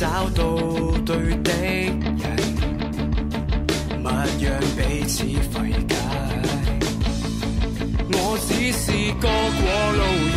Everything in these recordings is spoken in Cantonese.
找到對的人，勿讓彼此費解。我只是個過，過路。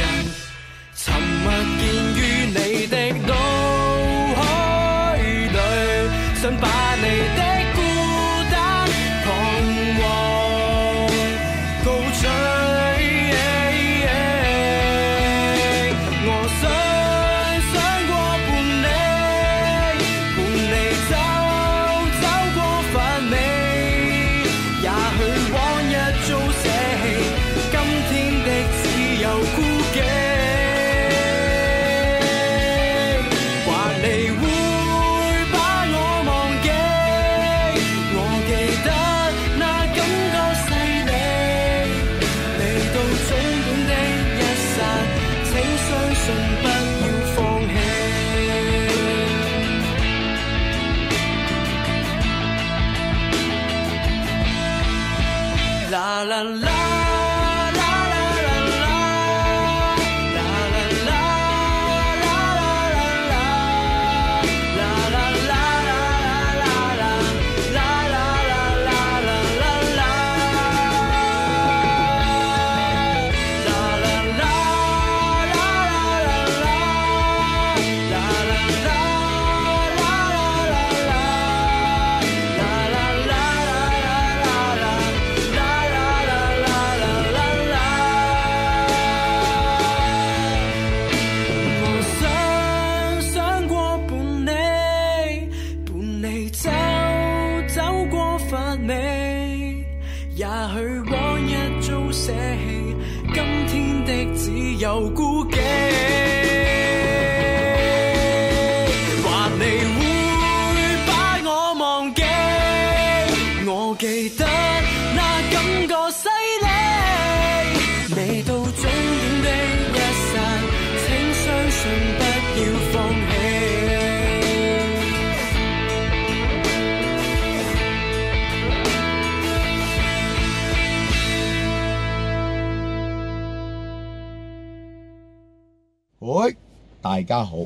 大家好，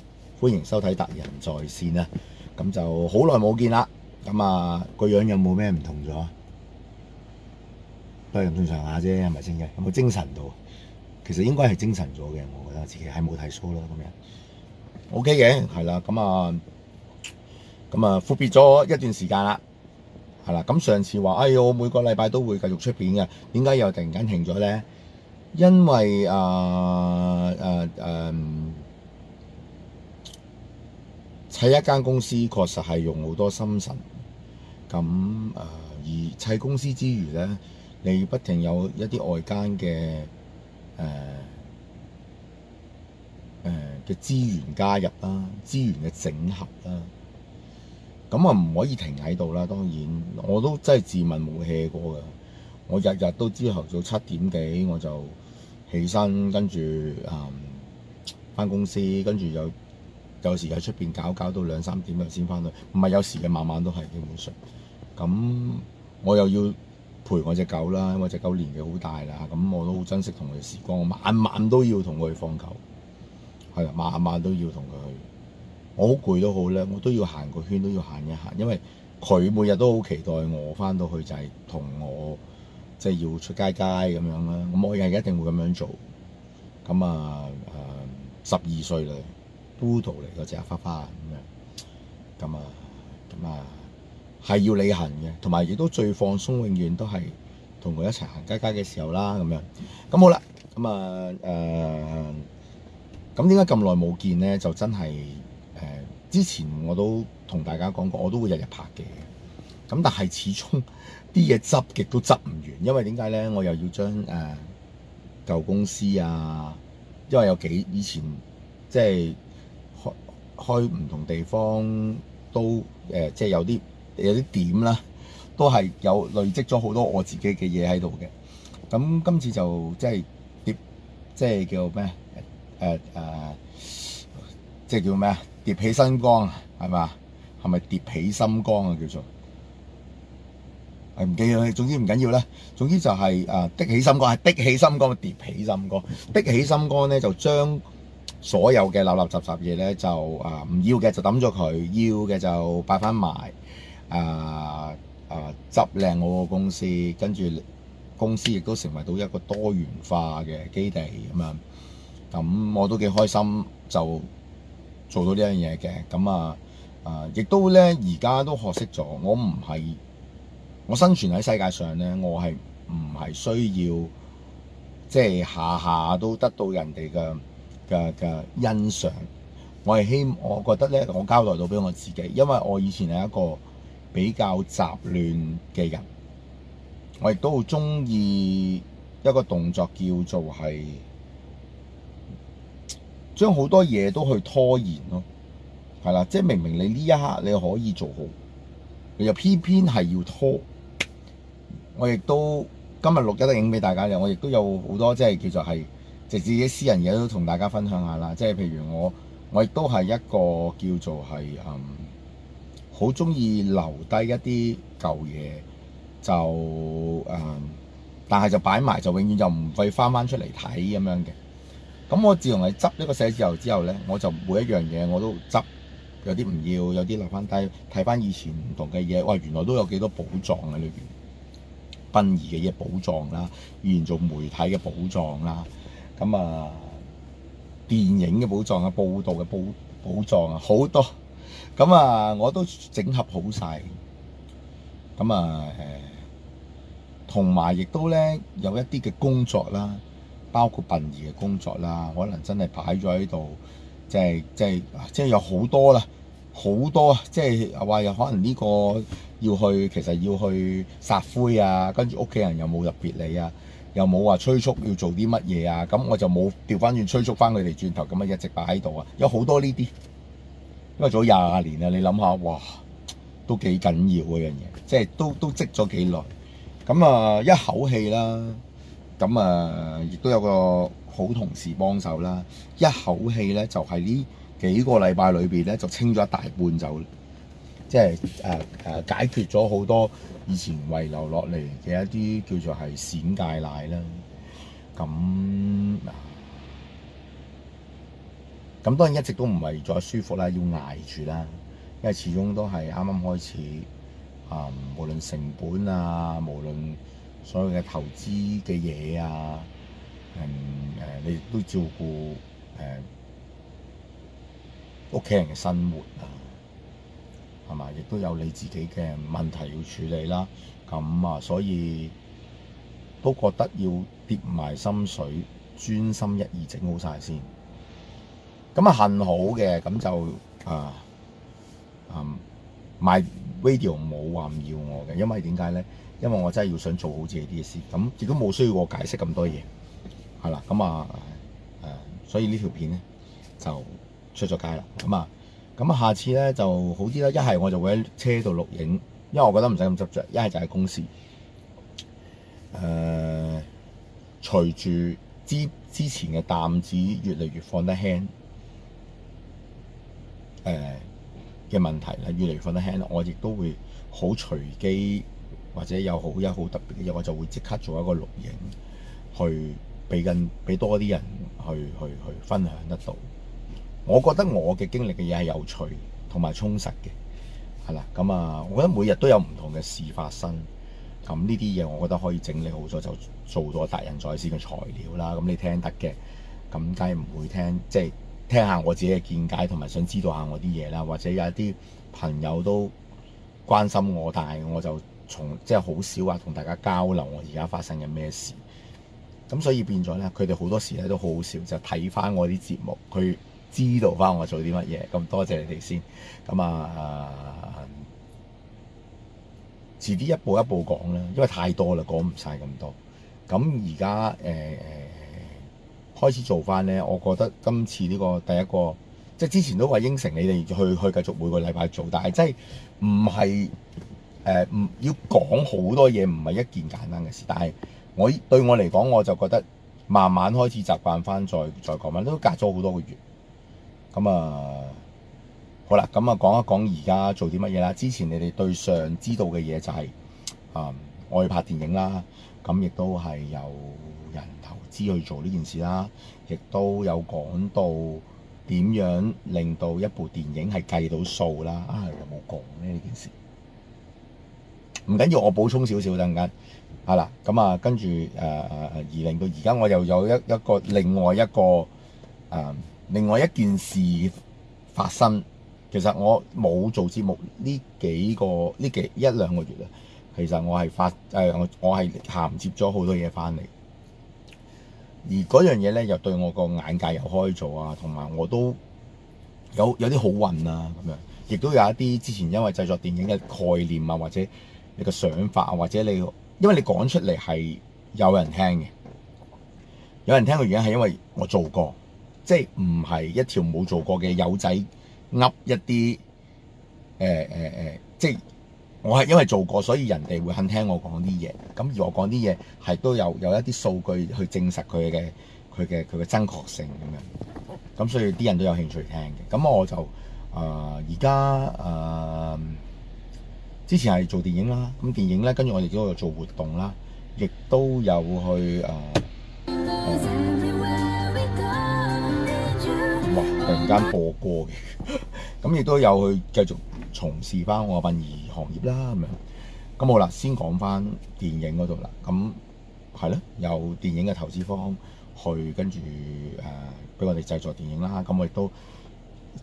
歡迎收睇達仁在線啊！咁就好耐冇見啦，咁啊個樣有冇咩唔同咗啊？有有都係咁正常下啫，係咪先？有冇精神到？其實應該係精神咗嘅，我覺得自己係冇睇 show 啦、okay。咁樣 OK 嘅係啦，咁啊咁啊闊別咗一段時間啦，係、嗯、啦。咁上次話哎，我每個禮拜都會繼續出片嘅，點解又突然間停咗咧？因為誒誒誒。呃呃呃嗯砌一間公司確實係用好多心神，咁、呃、而砌公司之餘呢，你不停有一啲外間嘅誒誒嘅資源加入啦，資源嘅整合啦，咁啊唔可以停喺度啦。當然我都真係自問冇 hea 過嘅，我日日都朝頭早七點幾我就起身，跟住誒返公司，跟住就。有時喺出邊搞搞到兩三點就先翻去，唔係有時嘅晚晚都係基本上。咁我又要陪我隻狗啦，因為我隻狗年紀好大啦，咁我都好珍惜同佢時光，我晚晚都要同佢去放狗，係啦，晚晚都要同佢去。我好攰都好咧，我都要行個圈都要行一行，因為佢每日都好期待我翻到去就係、是、同我即係、就是、要出街街咁樣啦。我日日一定會咁樣做。咁啊誒，啊、十二歲啦。studio 嚟嗰隻花花咁樣，咁啊咁啊係要你行嘅，同埋亦都最放鬆，永遠都係同佢一齊行街街嘅時候啦，咁樣、啊。咁好啦，咁啊誒，咁點解咁耐冇見咧？就真係誒、啊，之前我都同大家講過，我都會日日拍嘅。咁但係始終啲嘢執極都執唔完，因為點解咧？我又要將誒、啊、舊公司啊，因為有幾以前即係。就是開唔同地方都誒、呃，即係有啲有啲點啦，都係有累積咗好多我自己嘅嘢喺度嘅。咁今次就即係疊，即係叫咩？誒、啊、誒、啊，即係叫咩啊？疊起新光啊，係嘛？係咪疊起新光啊？叫做係唔、啊、記啦。總之唔緊要啦。總之就係、是、誒，啊、起的起心肝係的起心肝，疊起心肝。的 起心肝咧就將。所有嘅垃垃雜雜嘢咧就啊唔、呃、要嘅就抌咗佢，要嘅就擺翻埋啊啊執靚我個公司，跟住公司亦都成為到一個多元化嘅基地咁樣。咁、嗯嗯嗯、我都幾開心就做到樣、嗯嗯嗯、呢樣嘢嘅。咁啊啊，亦都咧而家都學識咗，我唔係我生存喺世界上咧，我係唔係需要即係下下都得到人哋嘅。嘅嘅欣賞，我係希望，我覺得咧，我交代到俾我自己，因為我以前係一個比較雜亂嘅人，我亦都好中意一個動作叫做係將好多嘢都去拖延咯，係啦，即係明明你呢一刻你可以做好，你又偏偏係要拖。我亦都今日錄一個影俾大家嘅，我亦都有好多即係叫做係。直自己私人嘢都同大家分享下啦，即係譬如我，我亦都係一個叫做係嗯，好中意留低一啲舊嘢，就誒、嗯，但係就擺埋就永遠就唔會翻翻出嚟睇咁樣嘅。咁我自從係執呢個寫字樓之後咧，我就每一樣嘢我都執，有啲唔要，有啲留翻低，睇翻以前唔同嘅嘢，喂、哎，原來都有幾多寶藏喺裏邊，殯儀嘅嘢寶藏啦，以前做媒體嘅寶藏啦。咁啊，電影嘅寶藏啊，報道嘅寶寶藏啊，好多。咁啊，我都整合好晒。咁啊，誒，同埋亦都咧有一啲嘅工作啦，包括殯儀嘅工作啦，可能真係擺咗喺度，即係即係即係有好多啦，好多啊，即係話有可能呢個要去，其實要去撒灰啊，跟住屋企人又冇入別離啊。又冇話催促要做啲乜嘢啊，咁我就冇調翻轉催促翻佢哋轉頭咁啊，一直擺喺度啊，有好多呢啲，因為做廿年啊，你諗下，哇，都幾緊要嗰樣嘢，即係都都積咗幾耐，咁啊一口氣啦，咁啊亦都有個好同事幫手啦，一口氣咧就係呢幾個禮拜裏邊咧就清咗一大半就。即係解決咗好多以前遺留落嚟嘅一啲叫做係閃戒奶啦，咁咁當然一直都唔係再舒服啦，要捱住啦，因為始終都係啱啱開始啊，無論成本啊，無論所有嘅投資嘅嘢啊，嗯誒，你都照顧誒屋企人嘅生活啊。同埋亦都有你自己嘅問題要處理啦。咁啊，所以都覺得要跌埋心水，專心一意整好晒先。咁啊，幸好嘅，咁就啊，嗯，MyRadio 冇話唔要我嘅，因為點解咧？因為我真係要想做好自己啲嘢先。咁亦都冇需要我解釋咁多嘢，係啦。咁啊，誒、啊，所以呢條片咧就出咗街啦。咁啊。咁下次咧就好啲啦。一係我就會喺車度錄影，因為我覺得唔使咁執着；一係就喺公司。誒、呃，隨住之之前嘅擔子越嚟越放得輕，誒、呃、嘅問題咧越嚟越放得輕，我亦都會好隨機或者有好有好特別嘅嘢，我就會即刻做一個錄影，去俾更俾多啲人去去去，去分享得到。我覺得我嘅經歷嘅嘢係有趣同埋充實嘅，係啦。咁啊，我覺得每日都有唔同嘅事發生。咁呢啲嘢，我覺得可以整理好咗就做咗達仁在線嘅材料啦。咁你聽得嘅，咁梗係唔會聽，即係聽下我自己嘅見解同埋想知道下我啲嘢啦。或者有一啲朋友都關心我，但係我就從即係好少話同大家交流我而家發生緊咩事。咁所以變咗咧，佢哋好多時咧都好少，就睇翻我啲節目佢。知道翻我做啲乜嘢，咁多謝你哋先。咁啊，啊，遲啲一步一步講啦，因為太多啦，講唔晒咁多。咁而家誒誒開始做翻咧，我覺得今次呢個第一個，即係之前都話應承你哋去去繼續每個禮拜做，但係真係唔係誒，唔、呃、要講好多嘢，唔係一件簡單嘅事。但係我對我嚟講，我就覺得慢慢開始習慣翻，再再講翻都隔咗好多個月。咁啊，好啦，咁啊，講一講而家做啲乜嘢啦？之前你哋對上知道嘅嘢就係、是、啊、嗯，我要拍電影啦，咁亦都係有人投資去做呢件事啦，亦都有講到點樣令到一部電影係計到數啦。啊，有冇講咧呢件事？唔緊要，要，我補充少少，等緊係啦。咁、嗯、啊，跟住誒誒誒，而令到而家我又有一一個另外一個啊。嗯另外一件事發生，其實我冇做節目呢幾個呢幾一兩個月啊，其實我係發誒、呃、我我係銜接咗好多嘢翻嚟，而嗰樣嘢咧又對我個眼界又開咗啊，同埋我都有有啲好運啊咁樣，亦都有一啲之前因為製作電影嘅概念啊，或者你嘅想法啊，或者你因為你講出嚟係有人聽嘅，有人聽嘅原因係因為我做過。即係唔係一條冇做過嘅友仔噏一啲誒誒誒，即係我係因為做過，所以人哋會肯聽我講啲嘢。咁而我講啲嘢係都有有一啲數據去證實佢嘅佢嘅佢嘅真確性咁樣。咁所以啲人都有興趣聽嘅。咁我就誒而家誒之前係做電影啦。咁電影咧跟住我哋都有做活動啦，亦都有去誒。呃呃突然間播過嘅，咁亦都有去繼續從事翻我殯儀行業啦咁樣。咁好啦，先講翻電影嗰度啦。咁係咧，有電影嘅投資方去跟住誒，俾、呃、我哋製作電影啦。咁我亦都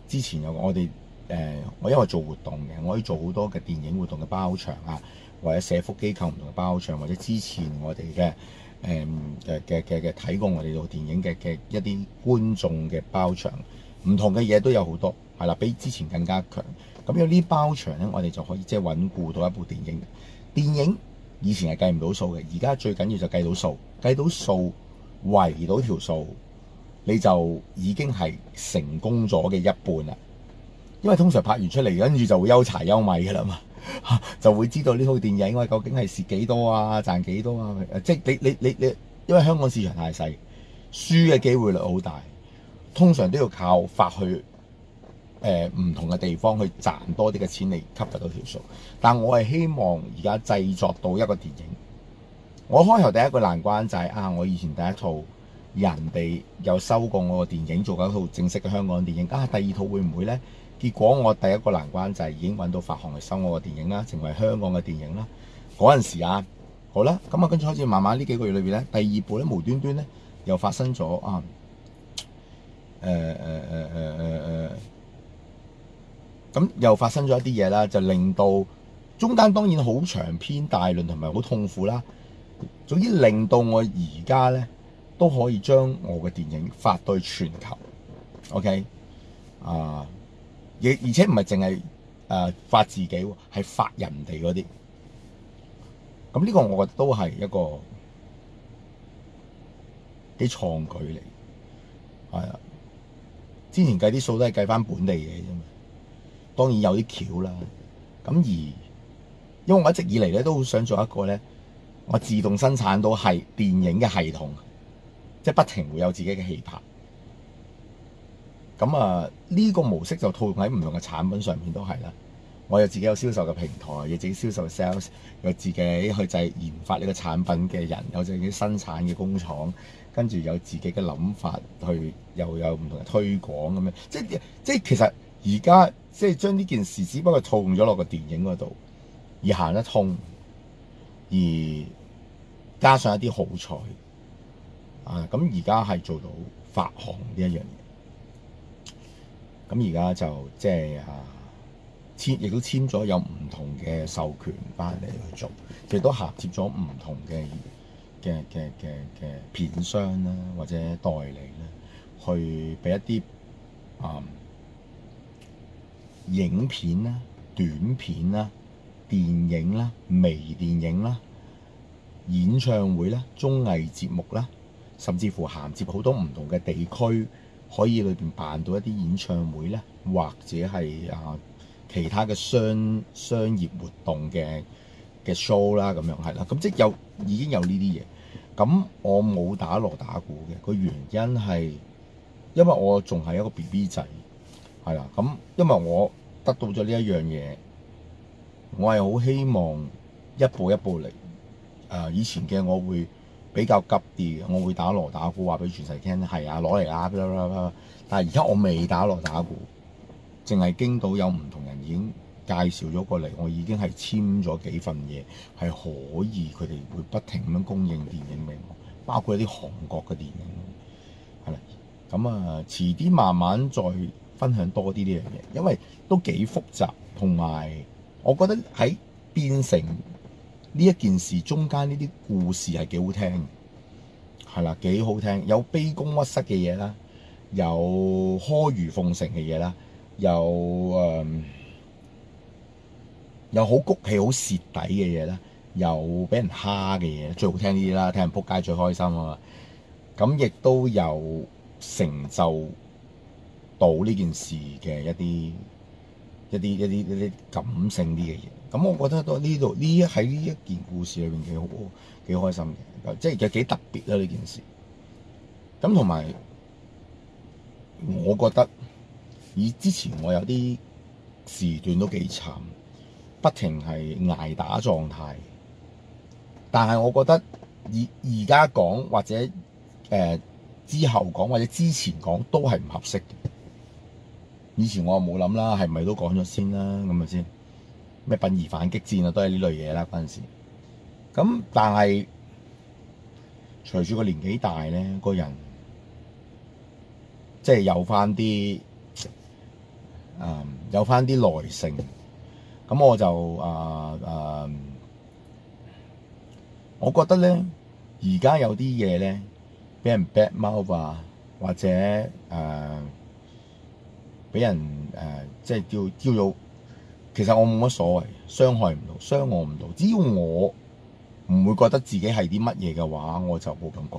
之前有我哋誒、呃，我因為做活動嘅，我可以做好多嘅電影活動嘅包場啊，或者社福機構唔同嘅包場，或者之前我哋嘅誒誒嘅嘅嘅睇過我哋部電影嘅嘅一啲觀眾嘅包場。唔同嘅嘢都有好多，係啦，比之前更加強。咁有呢包場咧，我哋就可以即係穩固到一部電影。電影以前係計唔到數嘅，而家最緊要就計到數，計到數圍到條數，你就已經係成功咗嘅一半啦。因為通常拍完出嚟，跟住就會憂柴憂米㗎啦嘛， 就會知道呢套電影我究竟係蝕幾多啊、賺幾多啊？即係你你你你，因為香港市場太細，輸嘅機會率好大。通常都要靠發去誒，呃，唔同嘅地方去賺多啲嘅錢嚟吸引到條數，但我係希望而家製作到一個電影。我開頭第一個難關就係，係，啊，我以前第一套人哋有收過我個電影，做緊一套正式嘅香港電影。啊，第二套會唔會呢？結果我第一個難關就係已經揾到發行嚟收我個電影啦，成為香港嘅電影啦。嗰陣時啊，好啦，咁啊跟住開始慢慢呢幾個月裏邊呢，第二部咧無端端呢又發生咗啊。誒誒誒誒誒誒，咁、呃呃呃呃呃呃、又發生咗一啲嘢啦，就令到中間當然好長篇大論同埋好痛苦啦。總之令到我而家咧都可以將我嘅電影發到去全球，OK 啊？而而且唔係淨係誒發自己，係發人哋嗰啲。咁呢個我覺得都係一個幾創舉嚟。係啊。之前計啲數都係計翻本地嘅，啫嘛，當然有啲橋啦。咁而因為我一直以嚟咧都好想做一個咧，我自動生產到係電影嘅系統，即係不停會有自己嘅戲拍。咁啊，呢個模式就套用喺唔同嘅產品上面都係啦。我有自己有銷售嘅平台，有自己銷售 sales，有自己去製研發呢個產品嘅人，有自己生產嘅工廠，跟住有自己嘅諗法去，又有唔同嘅推廣咁樣。即係即係其實而家即係將呢件事只不過套用咗落個電影嗰度而行得通，而加上一啲好彩啊！咁而家係做到發行呢一樣嘢，咁而家就即係啊～亦都簽咗有唔同嘅授權翻嚟去做，亦都銜接咗唔同嘅嘅嘅嘅片商啦，或者代理啦，去畀一啲啊、嗯、影片啦、短片啦、電影啦、微電影啦、演唱會啦、綜藝節目啦，甚至乎銜接好多唔同嘅地區，可以裏邊辦到一啲演唱會啦，或者係啊～其他嘅商商業活動嘅嘅 show 啦，咁樣係啦，咁即係有已經有呢啲嘢，咁我冇打鑼打鼓嘅，個原因係因為我仲係一個 BB 仔，係啦，咁因為我得到咗呢一樣嘢，我係好希望一步一步嚟。誒、呃，以前嘅我會比較急啲，我會打鑼打鼓話俾全世界聽，係啊，攞嚟啦，啦啦啦，但係而家我未打鑼打鼓。淨係京到有唔同人已經介紹咗過嚟，我已經係簽咗幾份嘢，係可以佢哋會不停咁樣供應電影俾我。包括一啲韓國嘅電影係啦。咁啊，遲啲慢慢再分享多啲呢樣嘢，因為都幾複雜，同埋我覺得喺變成呢一件事中間呢啲故事係幾好聽，係啦幾好聽，有卑躬屈膝嘅嘢啦，有阿諛奉承嘅嘢啦。有誒、呃，有好谷氣、好蝕底嘅嘢啦，有俾人蝦嘅嘢，最好聽啲啦，聽人仆街最開心啊嘛！咁、嗯、亦、嗯、都有成就到呢件事嘅一啲一啲一啲一啲感性啲嘅嘢。咁我覺得都呢度呢一喺呢一件故事裏邊幾好幾開心嘅，即係幾特別啦呢件事。咁同埋我覺得。以之前我有啲時段都幾慘，不停係挨打狀態。但係我覺得以而家講或者誒、呃、之後講或者之前講都係唔合適嘅。以前我冇諗啦，係咪都講咗先啦咁咪先咩殯儀反擊戰啊，都係呢類嘢啦嗰陣時。咁但係隨住個年紀大咧，個人即係有翻啲。有返啲耐性，咁我就、呃呃、我覺得呢，而家有啲嘢呢，畀人 badmouth 啊，或者畀、呃、人、呃、即係叫叫做，其實我冇乜所謂，傷害唔到，傷我唔到，只要我唔會覺得自己係啲乜嘢嘅話，我就冇感覺。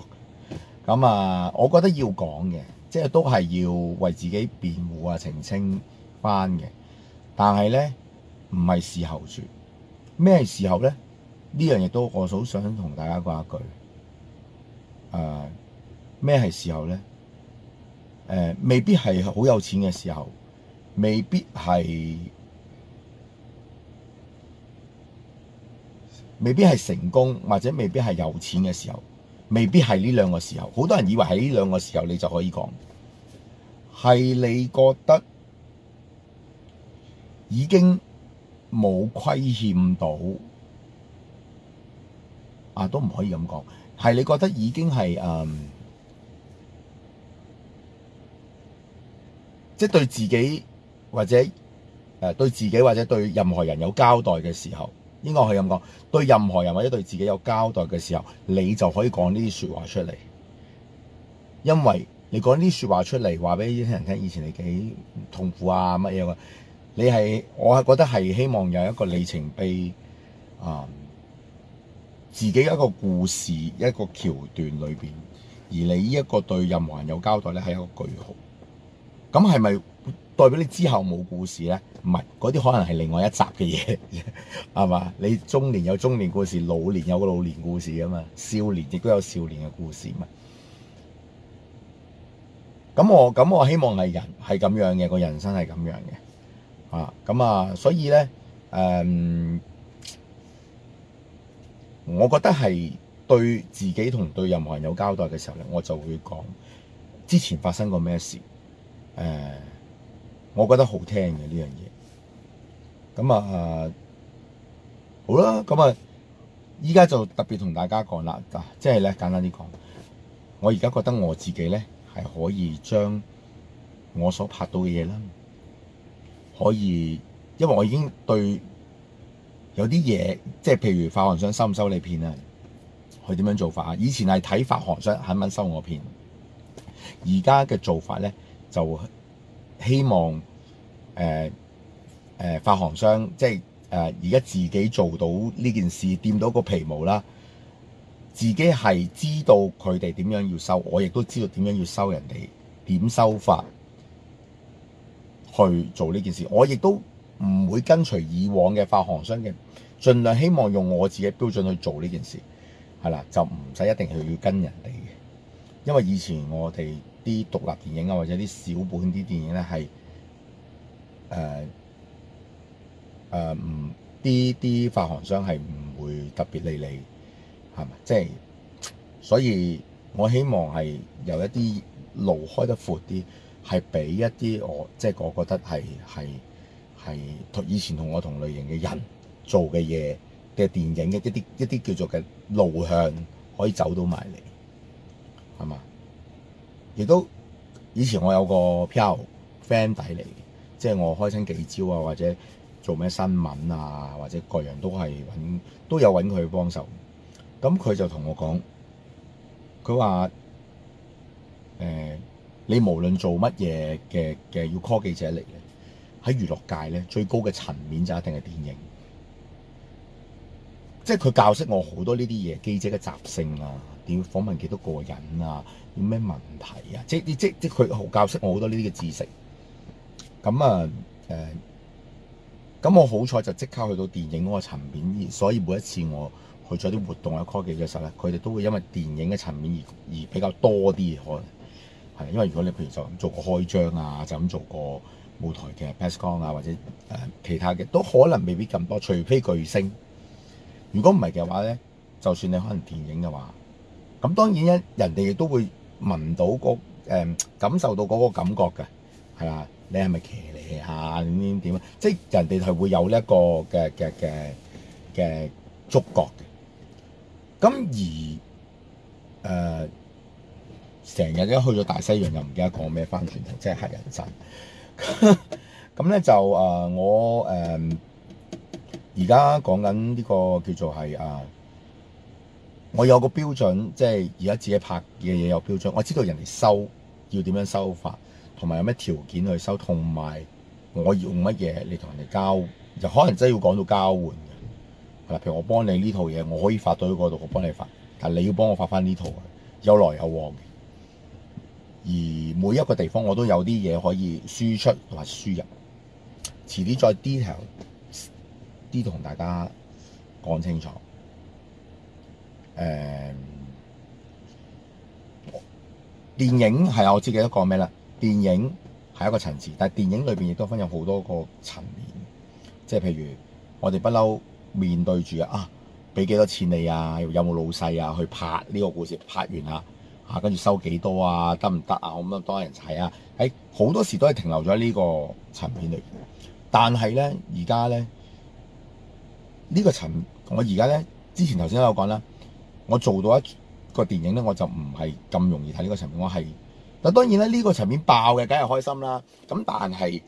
咁啊、呃，我覺得要講嘅，即係都係要為自己辯護啊、澄清。但係呢，唔係時候住咩時候呢？呢樣嘢都我好想同大家講一句。咩係、呃、時候呢？呃、未必係好有錢嘅時候，未必係未必係成功或者未必係有錢嘅時候，未必係呢兩個時候。好多人以為喺呢兩個時候你就可以講係你覺得。已經冇虧欠到啊，都唔可以咁講，係你覺得已經係誒，即、嗯、係、就是、對自己或者誒、呃、對自己或者對任何人有交代嘅時候，應該可以咁講。對任何人或者對自己有交代嘅時候，你就可以講呢啲説話出嚟，因為你講呢啲説話出嚟，話俾啲聽人聽，以前你幾痛苦啊，乜嘢嘅。你係我係覺得係希望有一個里程碑啊、嗯，自己一個故事一個橋段裏邊，而你呢一個對任何人有交代咧，係一個句號。咁係咪代表你之後冇故事咧？唔係，嗰啲可能係另外一集嘅嘢，係 嘛？你中年有中年故事，老年有老年故事啊嘛，少年亦都有少年嘅故事嘛。咁我咁我希望係人係咁樣嘅，個人生係咁樣嘅。啊，咁啊，所以咧，誒、嗯，我覺得係對自己同對任何人有交代嘅時候咧，我就會講之前發生過咩事，誒、呃，我覺得好聽嘅呢樣嘢。咁、嗯、啊，好啦，咁、嗯、啊，而家就特別同大家講啦，嗱，即係咧，簡單啲講，我而家覺得我自己咧係可以將我所拍到嘅嘢啦。可以，因為我已經對有啲嘢，即係譬如發行商收唔收你片啊？佢點樣做法啊？以前係睇發行商肯唔肯收我片，而家嘅做法咧就希望誒誒、呃呃、發行商即係誒而家自己做到呢件事，掂到個皮毛啦，自己係知道佢哋點樣要收，我亦都知道點樣要收人哋點收法。去做呢件事，我亦都唔會跟隨以往嘅發行商嘅，盡量希望用我自己標準去做呢件事，係啦，就唔使一定係要跟人哋嘅，因為以前我哋啲獨立電影啊，或者啲小本啲電影咧，係誒誒唔啲啲發行商係唔會特別理你，係嘛？即係，所以我希望係由一啲路開得闊啲。係畀一啲我即係我覺得係係係同以前同我同類型嘅人做嘅嘢嘅電影嘅一啲一啲叫做嘅路向可以走到埋嚟，係嘛？亦都以前我有個朋友 friend 底嚟，嘅，即係我開親幾招啊，或者做咩新聞啊，或者各樣都係揾都有揾佢幫手。咁佢就同我講，佢話誒，欸你無論做乜嘢嘅嘅要 call 記者嚟咧，喺娛樂界咧，最高嘅層面就一定係電影，即係佢教識我好多呢啲嘢，記者嘅習性啊，點訪問幾多個人啊，有咩問題啊，即係即即佢教識我好多呢啲嘅知識。咁啊誒，咁、呃、我好彩就即刻去到電影嗰個層面，所以每一次我去咗啲活動啊 call 記者時候咧，佢哋都會因為電影嘅層面而而比較多啲可能。係，因為如果你譬如就咁做個開張啊，就咁做個舞台嘅 best con 啊，或者誒、呃、其他嘅，都可能未必咁多。除非巨星，如果唔係嘅話咧，就算你可能電影嘅話，咁當然咧，人哋亦都會聞到嗰、那、誒、個呃、感受到嗰感覺嘅，係啦，你係咪騎呢下點點點啊？即係人哋係會有呢一個嘅嘅嘅嘅觸覺嘅。咁而誒。呃成日一去咗大西洋又，又唔記得講咩，翻轉頭真係乞人憎。咁咧就誒我誒而家講緊呢個叫做係啊，我有個標準，即係而家自己拍嘅嘢有標準，我知道人哋收要點樣收法，同埋有咩條件去收，同埋我用乜嘢嚟同人哋交就可能真係要講到交換嘅係啦。譬如我幫你呢套嘢，我可以發到嗰度，我幫你發，但係你要幫我發翻呢套嘅，有來有往嘅。而每一個地方我都有啲嘢可以輸出同埋輸入，遲啲再 detail 啲同大家講清楚。誒、嗯，電影係啊，我知幾多講咩啦？電影係一個層次，但係電影裏邊亦都分有好多個層面，即係譬如我哋不嬲面對住啊，畀幾多錢你啊？有冇老細啊？去拍呢個故事，拍完啦。啊，跟住收幾多啊？得唔得啊？咁多多人睇啊！喺好多時都係停留咗呢個層面嚟。但係咧，而家咧呢個層，我而家咧之前頭先都有講啦。我做到一個電影咧，我就唔係咁容易睇呢個層面。我係，但當然咧，呢個層面爆嘅梗係開心啦。咁但係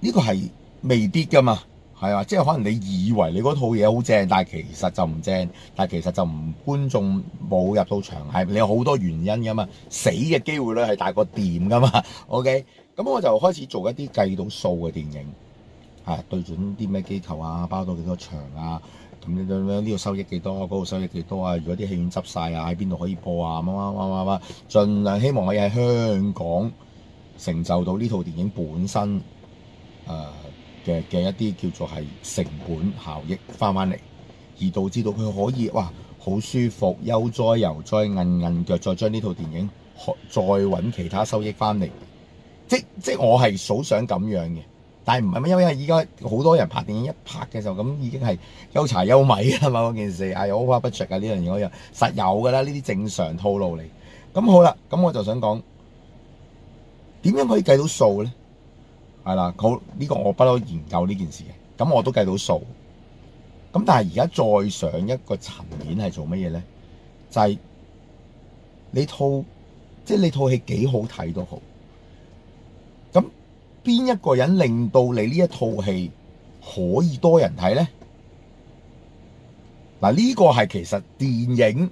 呢個係未必㗎嘛。係啊，即係可能你以為你嗰套嘢好正，但係其實就唔正，但係其實就唔觀眾冇入到場，係你有好多原因噶嘛，死嘅機會率係大過掂噶嘛。OK，咁我就開始做一啲計到數嘅電影，係對準啲咩機構啊，包到幾多場啊，咁樣呢度收益幾多，嗰度收益幾多啊？如果啲戲院執晒啊，喺邊度可以播啊？乜乜乜乜乜，盡量希望可以喺香港成就到呢套電影本身，誒、呃。嘅嘅一啲叫做係成本效益翻翻嚟，而導致到佢可以哇好舒服，悠哉悠哉，韌韌腳再將呢套電影再揾其他收益翻嚟，即即我係好想咁樣嘅，但係唔係咩？因為依家好多人拍電影一拍嘅時候咁已經係憂柴憂米啊嘛嗰件事，哎呀，over budget 啊呢樣嘢，我實有噶啦，呢啲正常套路嚟。咁好啦，咁我就想講點樣可以計到數咧？係啦，好，呢個我不嬲研究呢件事嘅，咁我都計到數。咁但係而家再上一個層面係做乜嘢咧？就係你套，即係你套戲幾好睇都好。咁邊一個人令到你呢一套戲可以多人睇咧？嗱，呢個係其實電影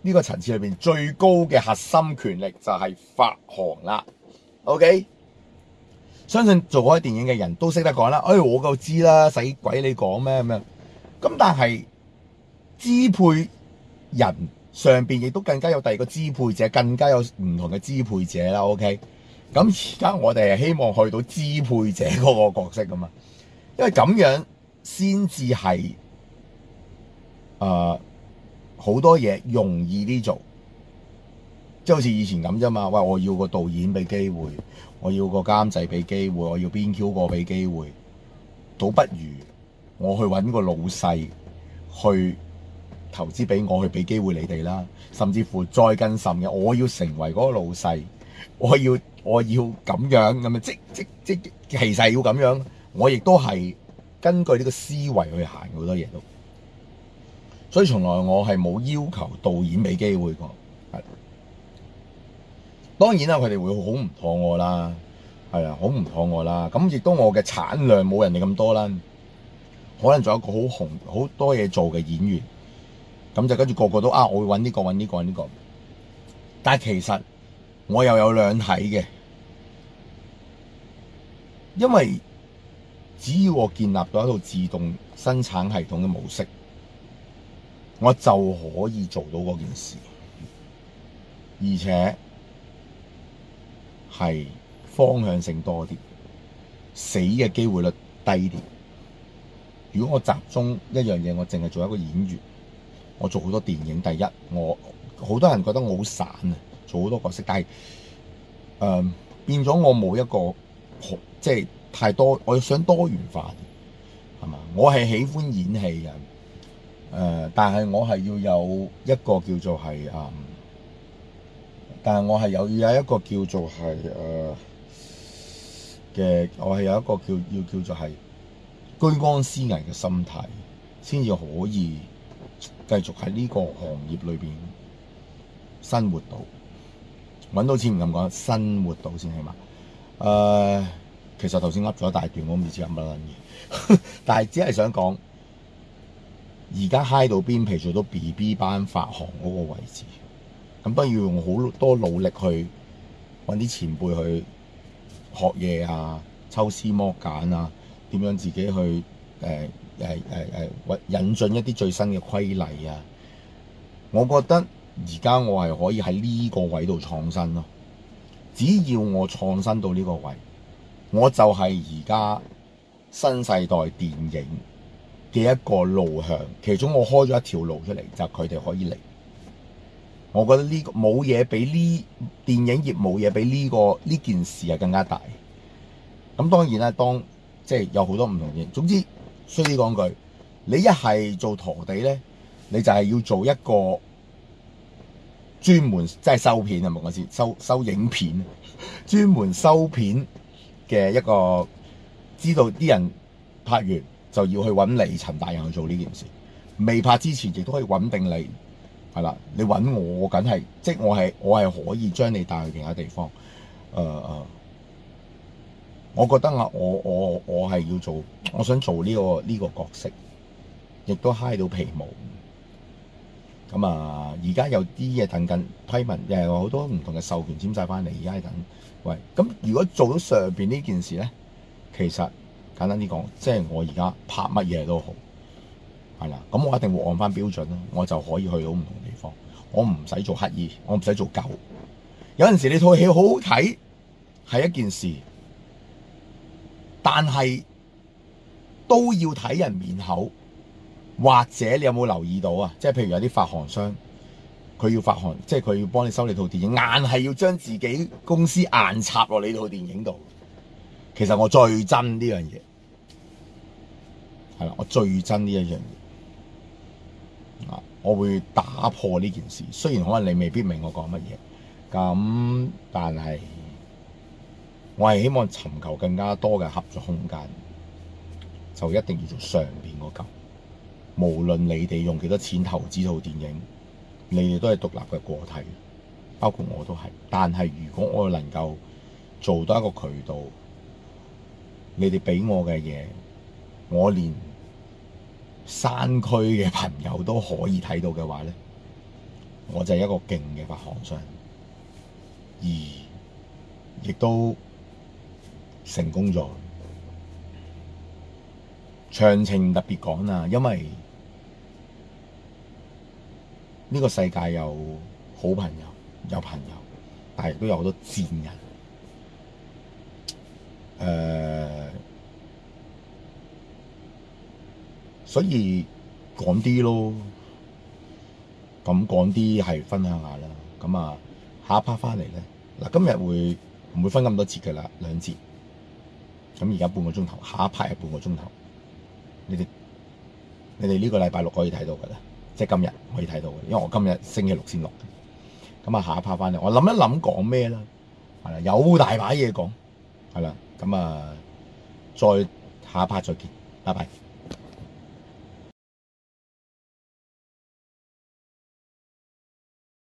呢個層次裏邊最高嘅核心權力就係發行啦。OK。相信做嗰啲電影嘅人都識得講啦。哎，我夠知啦，使鬼你講咩咁樣？咁但係支配人上邊亦都更加有第二個支配者，更加有唔同嘅支配者啦。OK，咁而家我哋係希望去到支配者嗰個角色㗎嘛？因為咁樣先至係誒好多嘢容易啲做，即係好似以前咁啫嘛。喂，我要個導演俾機會。我要個監製畀機會，我要邊 Q 個畀機會，倒不如我去搵個老細去投資畀我，去畀機會你哋啦。甚至乎再更甚嘅，我要成為嗰個老細，我要我要咁樣咁樣！即即即，即其實要咁樣，我亦都係根據呢個思維去行，好多嘢都。所以從來我係冇要求導演畀機會過。當然啦，佢哋會好唔妥我啦，係啊，好唔妥我啦。咁亦都我嘅產量冇人哋咁多啦，可能仲有一個好紅好多嘢做嘅演員，咁就跟住個個都啊，我會揾呢個揾呢個揾呢個。但係其實我又有兩睇嘅，因為只要我建立到一套自動生產系統嘅模式，我就可以做到嗰件事，而且。係方向性多啲，死嘅機會率低啲。如果我集中一樣嘢，我淨係做一個演員，我做好多電影。第一，我好多人覺得我好散啊，做好多角色，但係誒、呃、變咗我冇一個即係太多，我想多元化啲，係嘛？我係喜歡演戲嘅，誒、呃，但係我係要有一個叫做係啊。呃但係我係有有一個叫做係誒嘅，我係有一個叫要叫做係居安思危嘅心態，先至可以繼續喺呢個行業裏邊生活到，揾到錢唔敢講，生活到先起碼誒、呃。其實頭先噏咗一大段，我唔知噏乜撚嘢，但係只係想講而家嗨到邊，譬如做到 BB 班發行嗰個位置。咁不如用好多努力去揾啲前輩去學嘢啊，抽絲剝繭啊，點樣自己去誒誒誒誒引進一啲最新嘅規例啊！我覺得而家我係可以喺呢個位度創新咯、啊，只要我創新到呢個位，我就係而家新世代電影嘅一個路向，其中我開咗一條路出嚟，就佢、是、哋可以嚟。我覺得呢個冇嘢比呢電影業冇嘢比呢個呢件事係更加大。咁當然啦，當即係有好多唔同嘢。總之，衰啲講句，你一係做陀地咧，你就係要做一個專門即係收片，係咪我先收收影片， 專門收片嘅一個知道啲人拍完就要去揾你陳大人去做呢件事。未拍之前亦都可以揾定你。係啦，你揾我梗係，即係我係我係可以將你帶去其他地方。誒、呃、誒、呃，我覺得啊，我我我係要做，我想做呢、個呢、個角色，亦都嗨到皮毛。咁啊，而家有啲嘢等緊批文，又有好多唔同嘅授權簽晒翻嚟。而家係等，喂，咁如果做到上邊呢件事咧，其實簡單啲講，即係我而家拍乜嘢都好。係啦，咁我一定會按翻標準啦，我就可以去到唔同地方。我唔使做乞兒，我唔使做狗。有陣時你套戲好好睇，係一件事，但係都要睇人面口。或者你有冇留意到啊？即係譬如有啲發行商，佢要發行，即係佢要幫你收你套電影，硬係要將自己公司硬插落你套電影度。其實我最憎呢樣嘢，係啦，我最憎呢一樣嘢。我會打破呢件事，雖然可能你未必明我講乜嘢，咁但係我係希望尋求更加多嘅合作空間，就一定要做上邊嗰嚿。無論你哋用幾多錢投資套電影，你哋都係獨立嘅個體，包括我都係。但係如果我能夠做到一個渠道，你哋畀我嘅嘢，我連，山區嘅朋友都可以睇到嘅話咧，我就係一個勁嘅發行商，而亦都成功咗。詳情特別講啊，因為呢個世界有好朋友，有朋友，但係亦都有好多賤人。誒、呃。所以講啲咯，咁講啲係分享下啦。咁啊，下一 part 翻嚟咧，嗱，今日會唔會分咁多節嘅啦？兩節，咁而家半個鐘頭，下一 part 係半個鐘頭。你哋，你哋呢個禮拜六可以睇到㗎啦，即係今日可以睇到嘅，因為我今日星期六先錄。咁啊，下一 part 翻嚟，我諗一諗講咩啦？係啦，有大把嘢講，係啦，咁啊，再下一 part 再見，拜拜。